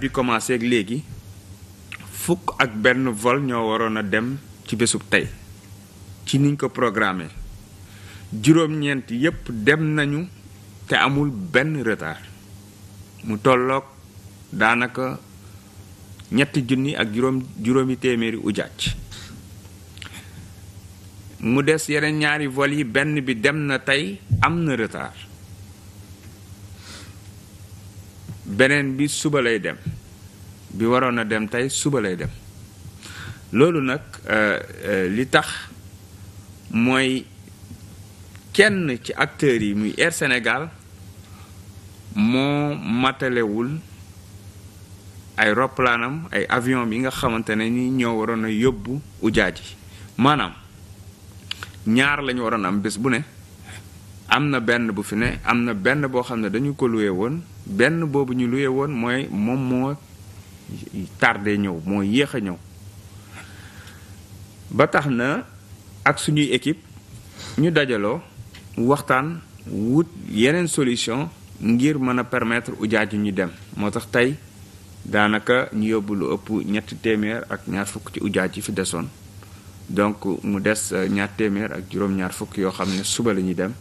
bi commencé ak léegi fukk ak benn vol ñoo waroon a dem ci bésub tey ci niñ ko programmé juróom-ñeent yépp dem nañu te amul benn retard mu tolloog daanaka ñetti junni ak juróom juróomi téeméeri ujaaj mu des yeneen ñaari vol yi benn bi dem na tey am na retard beneen bi suba lay dem bi waroon a dem tey suba lay dem loolu nag euh, euh, li tax mooy kenn ci acteur yi muy Air Sénégal moo matalewul ay roplaanam ay avion yi nga xamante ne ni ñoo waroon a yóbbu ujaaji maanaam ñaar lañu waroon am bés bu ne am na benn bu fi ne am na benn boo xam ne dañu ko luye woon benn boobu ñu luye woon mooy moom moo tardé ñëw moo yéex a ñëw ba tax na ak suñuy équipe ñu dajaloo waxtaan wut yeneen solution ngir mën a permettre ujaaju ñu dem moo tax tey daanaka ñu yóbbu lu ëpp ñetti téeméer ak ñaar fukk ci ujaaj yi fi desoon donc mu des euh, ñaar téeméer ak juróom-ñaar fukk yoo xam ne suba la ñuy dem